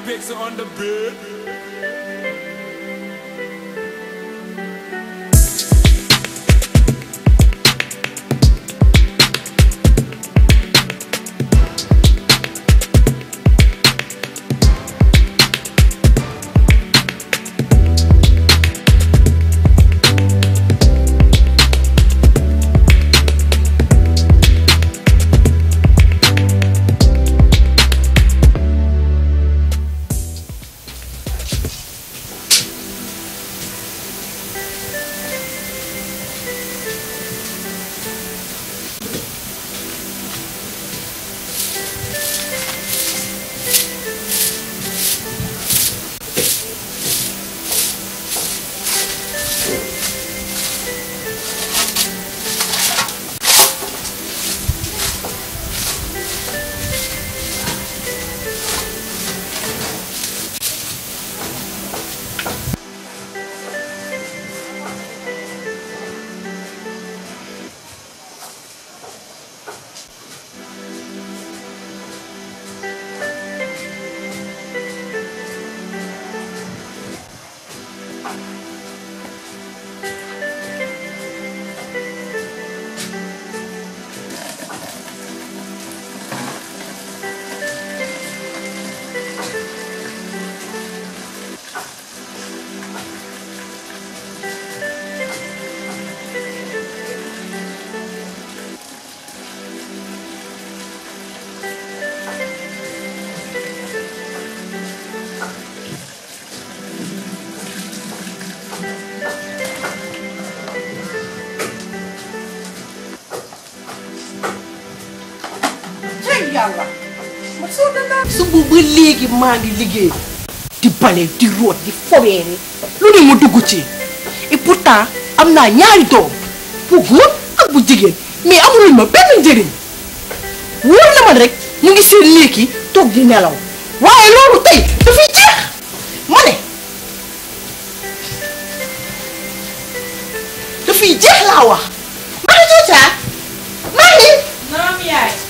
Pixel on the bed. léegi maa ngi liggéey di bale di root di foweere lu ne ma dugg ci et am naa ñaari doom bu góor ak bu jigéen mais amuluñ ma benn njëriñ wóor na rek ñu ngi seen léegi toog di nelaw waaye loolu tey dafay jeex ma dafay jeex laa wax ma ne Jotaa maa ngi.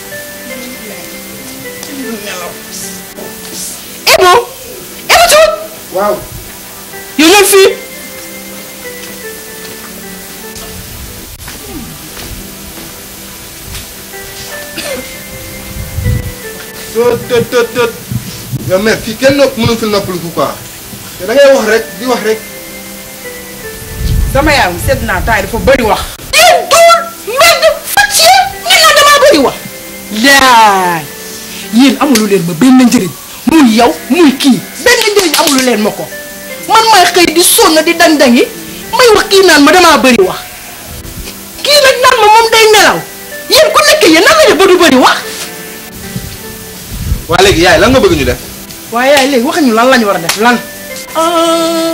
Ebo Ebutu. waaw. you no fit. tët tët tët tët. yow mais fii kenn nopp fi noppalu ko quoi te da ngay wax rek di wax rek. sama yaram sedd naa taay dafa bëri wax. déedéet duul mbedd fàcce ngeen naa damaa bëri wax. yaay yéen amulu leen benn njëriñ. muy yow muy kii benn njëriñ amulu leen ma ko man may xëy di sonn di dang-dangi may wax kii naan ma damaa bëri wax kii nag naan ma moom day nelaw yéen ku nekk yéen nan la def ba du bëri wax. waa léegi yaay lan nga bëgg ñu def. waaye yaay léegi wax ñu lan lañu war a def lan. Ah,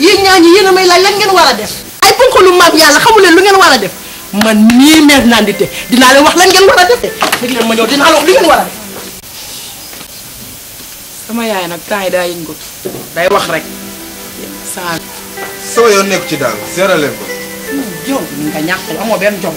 yéen ñaañi yéen a may laaj lan ngeen war a def. ay lu mag yàlla xamu leen lu ngeen war a def man nii meer naan dinaa leen wax lan ngeen war a def. dégg leen ma ñëw dinaa la wax sama yaay nag temps yi daa day wax rek saa. soo yoon nekk ci daal seerale ko. yow nga ñàkk amoo benn joom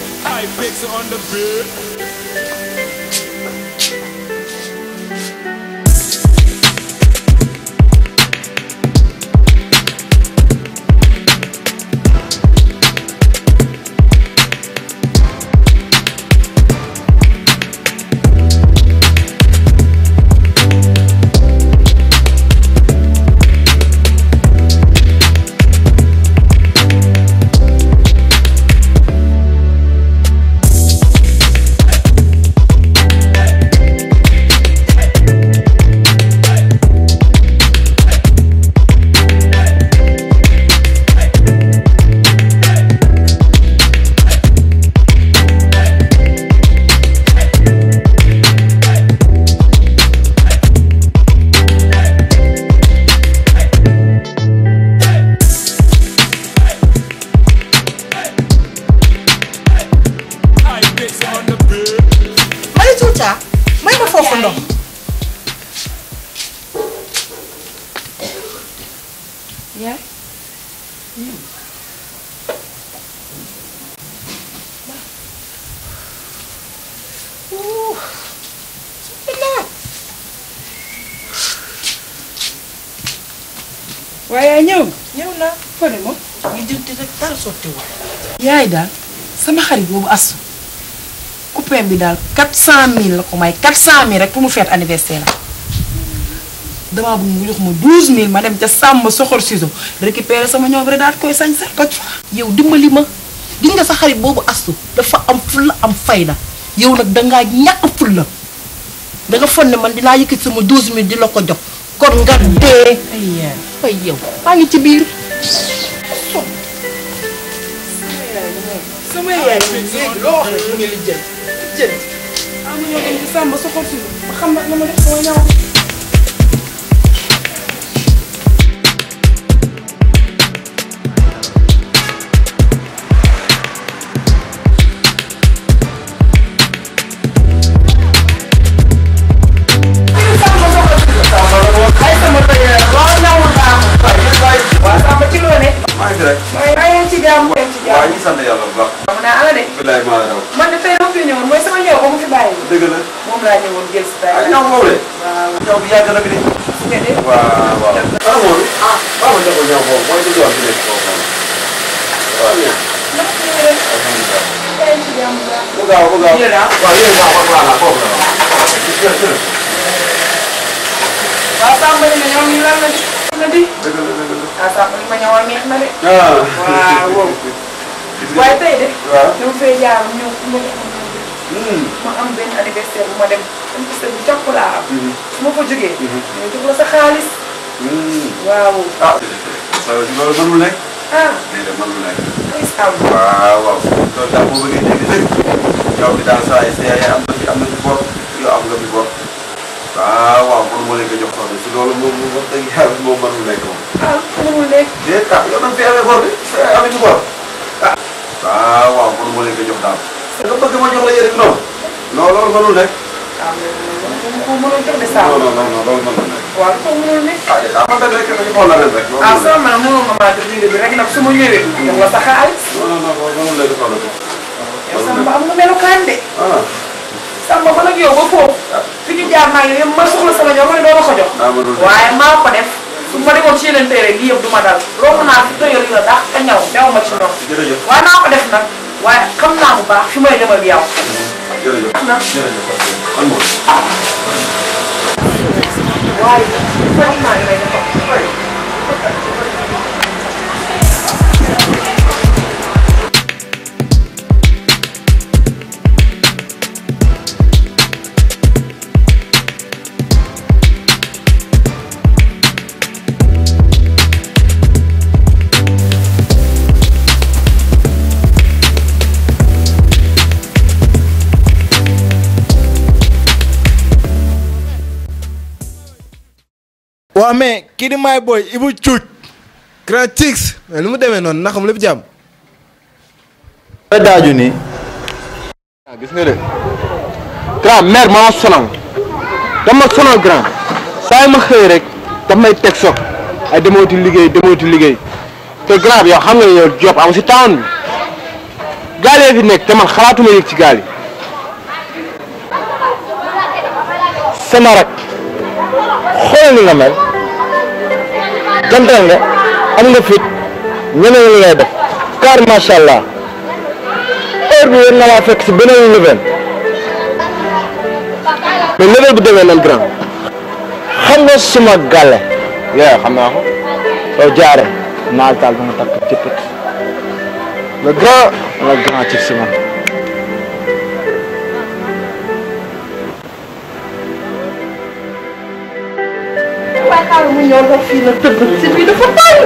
waaye ñëw ñëw na ko ne moom. ñu jënd rek dara sottiwul. yaay daal sama xarit boobu asu coupé bi daal 400000 la ko may 400000 rek pour mu fête anniversaire la damaa bëgg mu jox ma 12000 ma dem ca sàmm soxor ciseau récupérer sama ñoom rek daal koy sañ sax ko yow dimbali ma gis nga sa xarit boobu astu dafa am fulla am fayda yow nag dangaa ñàkk fulla da nga fon ne man dinaa yëkkati sama 12000 di la ko jox. bon nga dee. ay yow maa ngi ci biir. sama yaay léegi loo wax rek mu ngi lijjanti lijjanti. am na ñoo dem ci sàmm soxal si ba xam na ma def sama ñaaw. laa ñëwoon jël si bàyyi. ah ñaw boobu de. waaw ñaw bi yàgg na bi de. su ngeen de. waaw waaw. ah moom ah. waaw ma jox ñaw boobu mooy li ñu wax fi nekk foofu noonu. waaw ñaar. ndax ñu ngi leen. alhamdulilah. tey ci jàmm bu baax. bu gaaw bu gaaw yéen ah. waaw yéen waaw waaw voilà foofu la waaw. waaw Samba ñu ne ñoom ñu lan la ci. dëgg la dëgg la. ah Samba li ma ñëwoon neex na de. Ah. waaw waaw. waaye tey de. waaw ñoo fee jaar ñëw ñëw. Mm. ma am benn anniversaire bu ma dem anniversaire bu jàpp laa am. Mm-hmm. su ma ko jógee. ñu mm-hmm. mm-hmm. jox la sa xaalis. Mm. waaw. ah. loolu mënul nekk. ah lii de mënul nekk. waaw ah, waaw. loolu daal boo bëggee dégg dëgg. yow bi daal saa yaa am na ci am na ci bor yow am nga fi bor. Ah, waaw waaw man moo leen ko jox soxna si loolu moom moom wax dëgg yàlla moom mënul nekk moom. ah mënul nekk. déet ah yow da nga fi amee bor bi amee ci bor. ah, ah waaw waaw man moo leen ko jox daal. ma jox la yëri No, non loolu mënul nekk non non non non loolu No, no, no, no, nekk ah man dañ rek dañu xool rek ah sama mënul ma maa def liggéey bi rek nag su ma ñëwee da nga sa xaalis non non No, no, nekk xool rek yow sama am nga melokaan de ah samba ba nag yow sama ñoom ma ne doo ma ko jox waaye maa ko def su ma demoon ci yeneen téere lii yëpp du ma dal loolu naa fi tëyal la dax waaye xam naa bu baax fi may dem ak yow. waa mais kii di may booy Ibou Cuuj Grand Tix mais lu mu demee noonu naxam lépp jàmm. daaju nii. Ah, gis nga de grand mère maa sonal dama sonal grand saa ma xëy rek daf may teg soog ay demooti liggéey demooti liggéey te grand bi yow xam nga yow job am si town bi i nekk te man xalaatuma yëg ci gaal yi sama rak xoolal ni nga mel. jantal nga am nga fit ñeneen li ngay def car macha allah heure bi na laa fekk si beneen level mais level bu demee nan grand xam nga suma gàlle yee xam naa ko soo jaare naal takk ci pët le grand le suma yaakaar mu ñor rek fii la tëdd si bii dafa tàng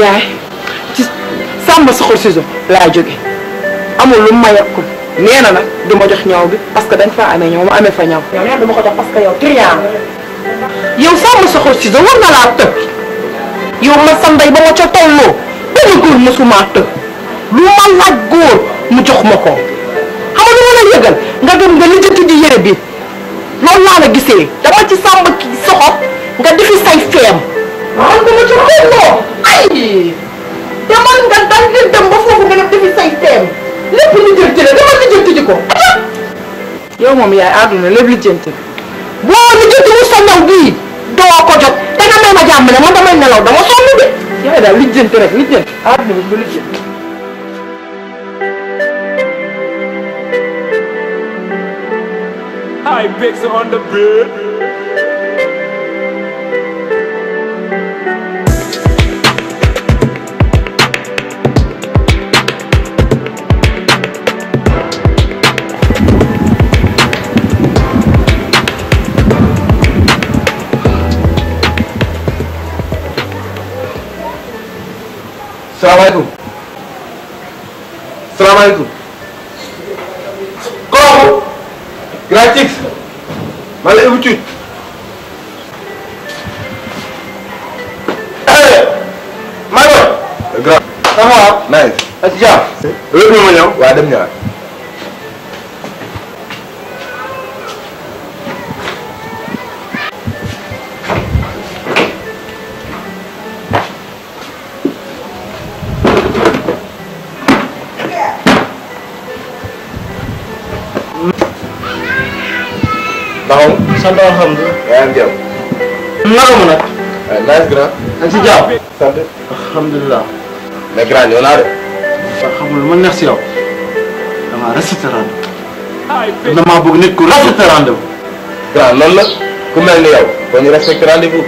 yaay ci sàmm soxor saison laa jóge amul lu ma yàqu nee na nag du ma jox ñaw bi parce que dañ fa amee ñaw ma amee fa ñaw. yow yaa dama ko jox parce que yow triant yow sàmm sa xol si sa war na laa tëb yow ma sa ndey ba ma ca tolloo benn góor mësumaa tëb lu ma laaj góor mu jox ma ko xam nga lu ma la nga dem nga lijjanti ji yére bi loolu la gisee dama ci sàmm soxo nga defi say feem man ko ma ca tolloo ay demal nga dal leen dem ba foofu nga defi say feem lépp lu jël jële demal lijjanti ji ko yow moom yaay àdduna lépp lijjanti boo lijjanti wu sa ndaw bii may ma I big on the bed. salaamaaleykum salaamaaleykum kooku gratis ma la habitude maa ngi doon. grave. ça va. nice. ak jàmm. loolu ma ñëw. waaw dem ñëwaat. Naka mu. sant alhamdulilah. yaa ngi am jàmm. naka mu nag. waaye eh, nice grand. nañ si jàmm. sant. ma neex si yow damaa respecté rendez ku mel ni yow kon ñu respecté rendez-vous.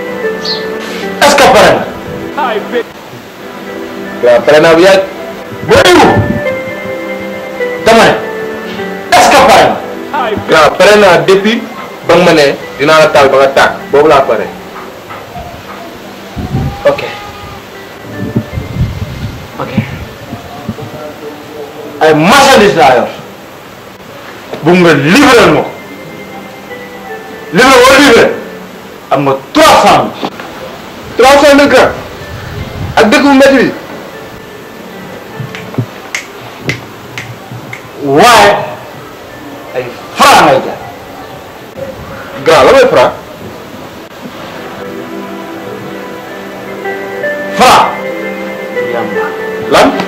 pare na. grand pare naa bu yàgg. bu pare na. grand pare naa depuis. ba nga ma ne dinaa la taal ba nga pare. ok ok ay marchandise laa yor bu nga libéral ma ko li ma war a libéré am nga trois cent mille. trois cent mille ay franc ngay jaay. grave fra fra lam